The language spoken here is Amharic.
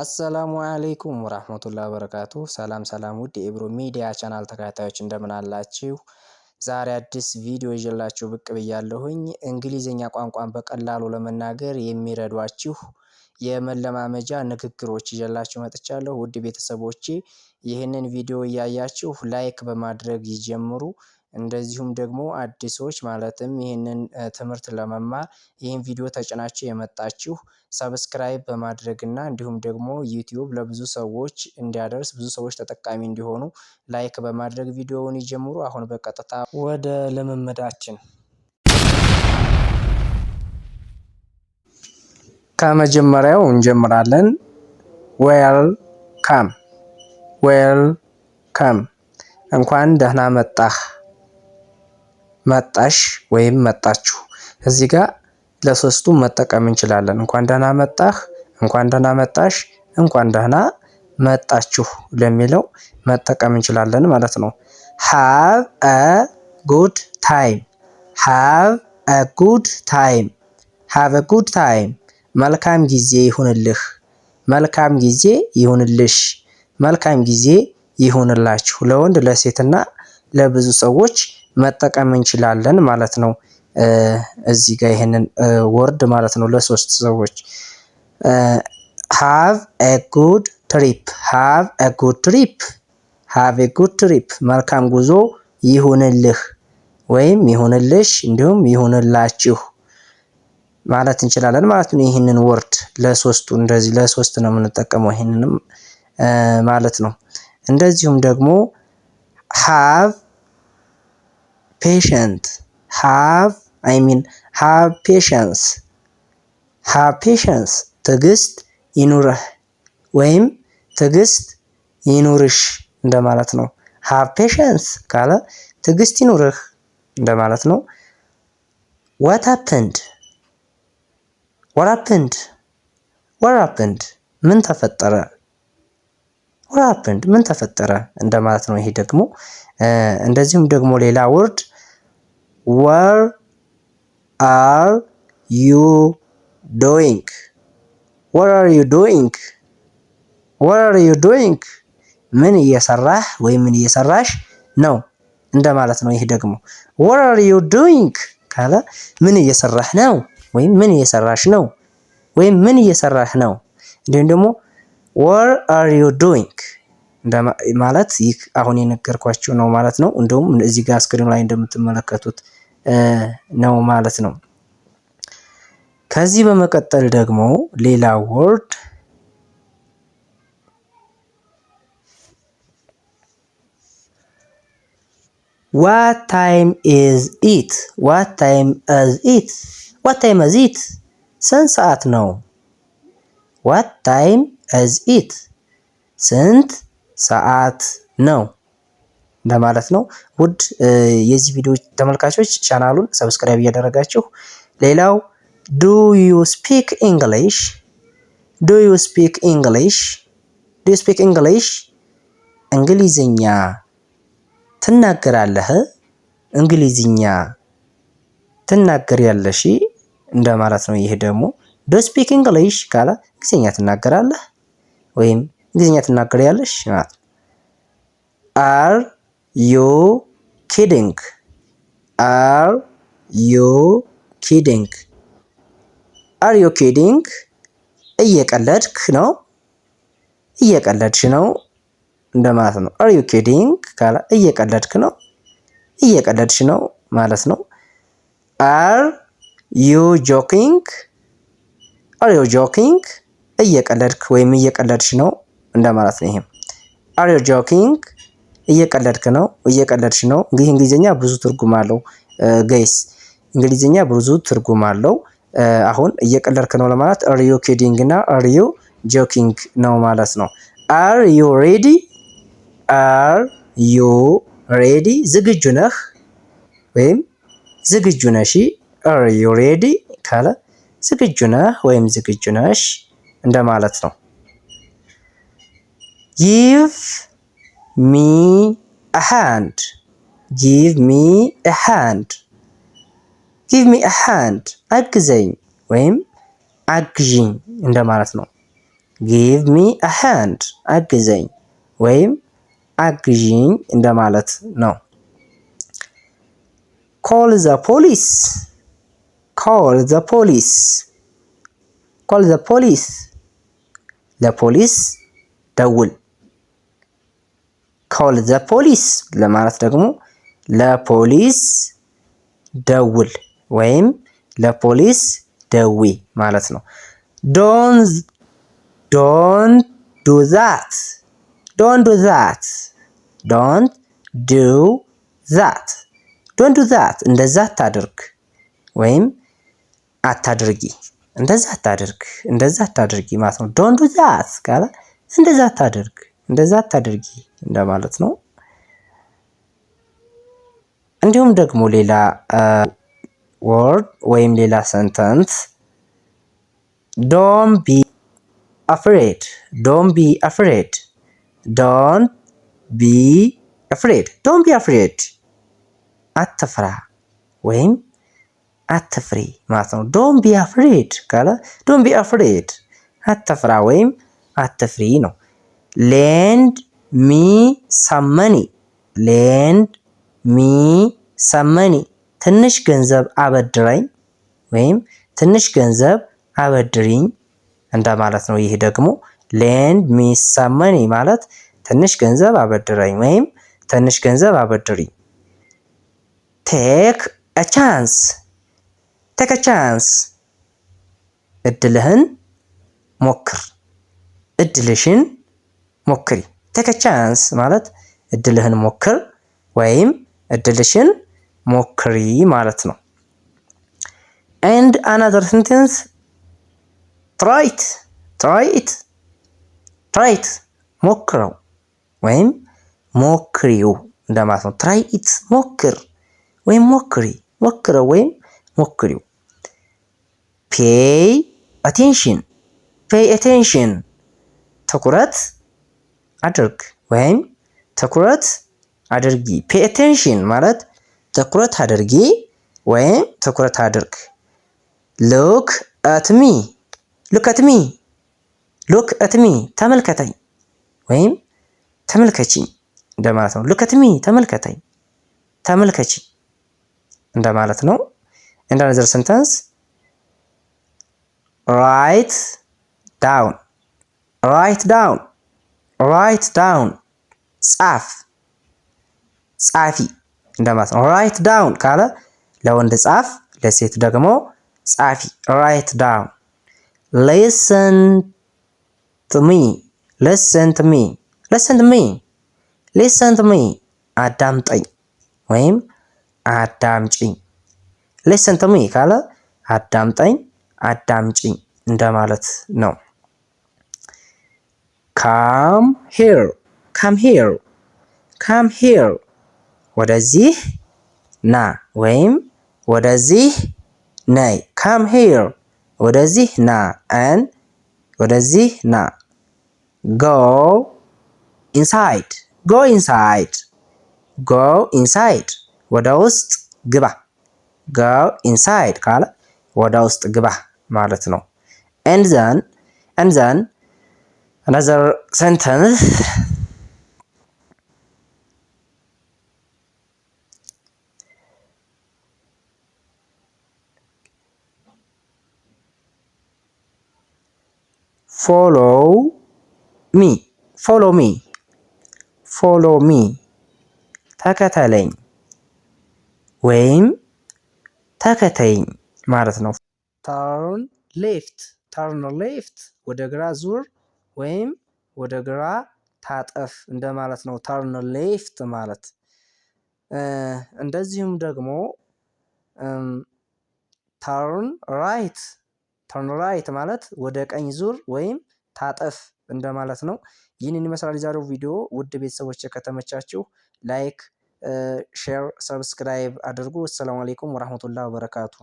አሰላሙ አለይኩም ወራህመቱላሂ ወበረካቱ። ሰላም ሰላም ውድ የኢብሮ ሚዲያ ቻናል ተከታታዮች እንደምን አላችሁ? ዛሬ አዲስ ቪዲዮ ይዤላችሁ ብቅ ብያለሁኝ። እንግሊዝኛ ቋንቋን በቀላሉ ለመናገር የሚረዷችሁ የመለማመጃ ንግግሮች ይዤላችሁ መጥቻለሁ። ውድ ቤተሰቦቼ ይህንን ቪዲዮ እያያችሁ ላይክ በማድረግ ይጀምሩ። እንደዚሁም ደግሞ አዲሶች ማለትም ይህንን ትምህርት ለመማር ይህን ቪዲዮ ተጭናችሁ የመጣችሁ ሰብስክራይብ በማድረግ እና እንዲሁም ደግሞ ዩቲዩብ ለብዙ ሰዎች እንዲያደርስ ብዙ ሰዎች ተጠቃሚ እንዲሆኑ ላይክ በማድረግ ቪዲዮውን ይጀምሩ። አሁን በቀጥታ ወደ ልምምዳችን ከመጀመሪያው እንጀምራለን። ዌል ካም ዌል ካም እንኳን ደህና መጣህ መጣሽ ወይም መጣችሁ እዚህ ጋር ለሶስቱ መጠቀም እንችላለን። እንኳን ደህና መጣህ፣ እንኳን ደህና መጣሽ፣ እንኳን ደህና መጣችሁ ለሚለው መጠቀም እንችላለን ማለት ነው። ሃቭ አ ጉድ ታይም፣ ሃቭ አ ጉድ ታይም፣ ሃቭ አ ጉድ ታይም። መልካም ጊዜ ይሁንልህ፣ መልካም ጊዜ ይሁንልሽ፣ መልካም ጊዜ ይሁንላችሁ ለወንድ ለሴትና ለብዙ ሰዎች መጠቀም እንችላለን ማለት ነው። እዚህ ጋር ይሄንን ወርድ ማለት ነው ለሶስት ሰዎች ሃቭ ኤ ጉድ ትሪፕ ሃቭ ኤ ጉድ ትሪፕ ሃቭ ኤ ጉድ ትሪፕ መልካም ጉዞ ይሁንልህ ወይም ይሁንልሽ እንዲሁም ይሁንላችሁ ማለት እንችላለን ማለት ነው። ይህንን ወርድ ለሶስቱ እንደዚህ ለሶስት ነው የምንጠቀመው ይህንንም ማለት ነው። እንደዚሁም ደግሞ ሃቭ ፔሸንት ሃቭ አይ ሚን ሃቭ ፔሸንስ ሃቭ ፔሸንስ ትዕግስት ይኑርህ ወይም ትዕግስት ይኑርሽ እንደማለት ነው። ሃቭ ፔሸንስ ካለ ትዕግስት ይኑርህ እንደማለት ነው። ዋት ሀፕንድ ዋት ሀፕንድ ዋት ሀፕንድ ምን ተፈጠረ ዋት ሀፕንድ ምን ተፈጠረ እንደማለት ነው። ይሄ ደግሞ እንደዚሁም ደግሞ ሌላ ወርድ ወር አር ዩ doing? What are you doing? What are you doing? ምን እየሰራህ ወይም ምን እየሰራሽ ነው እንደማለት ነው። ይህ ደግሞ what are you doing ካለ ምን እየሰራህ ነው ወይም ምን እየሰራሽ ነው ወይም ምን እየሰራህ ነው። እንዲሁም ደግሞ ወር are you doing ማለት ይህ አሁን የነገርኳቸው ነው ማለት ነው። እንደውም እዚህ ጋር ስክሪኑ ላይ እንደምትመለከቱት ነው ማለት ነው። ከዚህ በመቀጠል ደግሞ ሌላ ወርድ ዋት ታይም ኢዝ ኢት ዋት ታይም ኢዝ ኢት ዋት ታይም ኢዝ ኢት ስንት ሰዓት ነው? ዋት ታይም ኢዝ ኢት ስንት ሰዓት ነው? ለማለት ነው። ውድ የዚህ ቪዲዮ ተመልካቾች ቻናሉን ሰብስክራይብ እያደረጋችሁ ሌላው ዱ ዩ ስፒክ ኢንግሊሽ ዱ ዩ ስፒክ ኢንግሊሽ ዱ ዩ ስፒክ ኢንግሊሽ እንግሊዝኛ ትናገራለህ እንግሊዝኛ ትናገር ያለሽ እንደማለት ነው። ይሄ ደግሞ ዶ ስፒክ እንግሊሽ ካለ እንግሊዝኛ ትናገራለህ ወይም እንግሊዝኛ ትናገር ያለሽ ማለት ነው። አር ዩ ኪዲንግ አር ዩ ኪዲንግ አር ዩ ኪዲንግ እየቀለድክ ነው እየቀለድሽ ነው እንደማለት ነው። አር ዩ ኪዲንግ ካለ እየቀለድክ ነው እየቀለድሽ ነው ማለት ነው። አር ዩ ጆኪንግ አር ዩ ጆኪንግ እየቀለድክ ወይም እየቀለድሽ ነው እንደማለት ነው። ይሄም አር ዩ ጆኪንግ እየቀለድክ ነው፣ እየቀለድሽ ነው። እንግዲህ እንግሊዝኛ ብዙ ትርጉም አለው ገይስ፣ እንግሊዝኛ ብዙ ትርጉም አለው። አሁን እየቀለድክ ነው ለማለት አር ዩ ኪዲንግ እና አር ዩ ጆኪንግ ነው ማለት ነው። አር ዩ ሬዲ፣ አር ዩ ሬዲ፣ ዝግጁ ነህ ወይም ዝግጁ ነሽ። አር ዩ ሬዲ ካለ ዝግጁ ነህ ወይም ዝግጁ ነሽ እንደማለት ነው። ይቭ ሚ ሃንድ ጊቭ ሚ ሃንድ ጊቭ ሚ ሃንድ አግዘኝ ወይም አግዥኝ እንደማለት ነው። ጊቭ ሚ ሃንድ አግዘኝ ወይም አግዥኝ እንደማለት ነው። ኮል ዘ ፖሊስ ኮል ዘ ፖሊስ ኮል ዘ ፖሊስ ለፖሊስ ደውል ኮል ዘ ፖሊስ ለማለት ደግሞ ለፖሊስ ደውል ወይም ለፖሊስ ደዊ ማለት ነው። ዶን ዶን ዱ ዛት ዶን ዱ ዛት ዶን ዱ ዛት ዶን ዱ ዛት እንደዛ አታድርግ ወይም አታድርጊ እንደዛ አታድርግ እንደዛ አታድርጊ ማለት ነው። ዶን ዱ ዛት ካለ እንደዛ አታድርግ እንደዛ አታድርጊ እንደማለት ነው። እንዲሁም ደግሞ ሌላ ወርድ ወይም ሌላ ሰንተንስ ዶን ቢ አፍሬድ ዶን ቢ አፍሬድ ዶን ቢ አፍሬድ ዶን ቢ አፍሬድ አትፍራ ወይም አትፍሪ ማለት ነው። ዶን ቢ አፍሬድ ካለ ዶን ቢ አፍሬድ አትፍራ ወይም አትፍሪ ነው። ሌንድ ሚ ሳመኒ ሌንድ ሚ ሳመኒ ትንሽ ገንዘብ አበድረኝ ወይም ትንሽ ገንዘብ አበድሪኝ እንደማለት ነው። ይህ ደግሞ ሌንድ ሚ ሳመኒ ማለት ትንሽ ገንዘብ አበድረኝ ወይም ትንሽ ገንዘብ አበድሪኝ። ቴክ አ ቻንስ ቴክ አ ቻንስ እድልህን ሞክር እድልሽን ሞክሪ ቴክ ቻንስ ማለት እድልህን ሞክር ወይም እድልሽን ሞክሪ ማለት ነው። ኤንድ አናዘር ሴንቴንስ ትራይት ትራይት ትራይት ሞክረው ወይም ሞክሪው እንደማለት ነው። ትራይት ሞክር ወይም ሞክሪ ሞክረው ወይም ሞክሪው። ፔይ አቴንሽን ፔይ አቴንሽን ትኩረት አድርግ ወይም ትኩረት አድርጊ። ፔይ አቴንሽን ማለት ትኩረት አድርጊ ወይም ትኩረት አድርግ። ሉክ አትሚ ሉክ አትሚ ሉክ አትሚ ተመልከተኝ ወይም ተመልከችኝ እንደማለት ነው። ሉክ አትሚ ተመልከተኝ፣ ተመልከችኝ እንደማለት ነው። እንደ አነዘር ሰንተንስ ራይት ዳውን ራይት ዳውን write down ጻፍ ጻፊ እንደማለት ነው። write down ካለ ለወንድ ጻፍ፣ ለሴት ደግሞ ጻፊ። write down listen to me listen to me listen to me listen to me አዳምጠኝ ወይም አዳምጭኝ። listen to me Kala. ካለ አዳምጠኝ፣ አዳምጭኝ እንደማለት no. ካም ሄር ካም ሄር ካም ሄር ወደዚህ ና ወይም ወደዚህ ነይ። ካም ሄር ወደዚህ ና ን ወደዚህ ና ጎ ኢንሳይድ ጎ ኢንሳይድ ጎ ኢንሳይድ ወደ ውስጥ ግባ። ጎ ኢንሳይድ ካለ ወደ ውስጥ ግባ ማለት ነው። ኤንዘን ኤንዘን another sentence follow me follow me follow me ተከተለኝ ወይም ተከተኝ ማለት ነው turn left turn left ወደ ግራ ዙር ወይም ወደ ግራ ታጠፍ እንደማለት ነው። ተርን ሌፍት ማለት እንደዚሁም ደግሞ ተርን ራይት ተርን ራይት ማለት ወደ ቀኝ ዙር ወይም ታጠፍ እንደማለት ነው። ይህንን ይመስላል የዛሬው ቪዲዮ። ውድ ቤተሰቦች ከተመቻችሁ ላይክ፣ ሼር፣ ሰብስክራይብ አድርጉ። አሰላሙ አሌይኩም ወራህመቱላህ ወበረካቱ።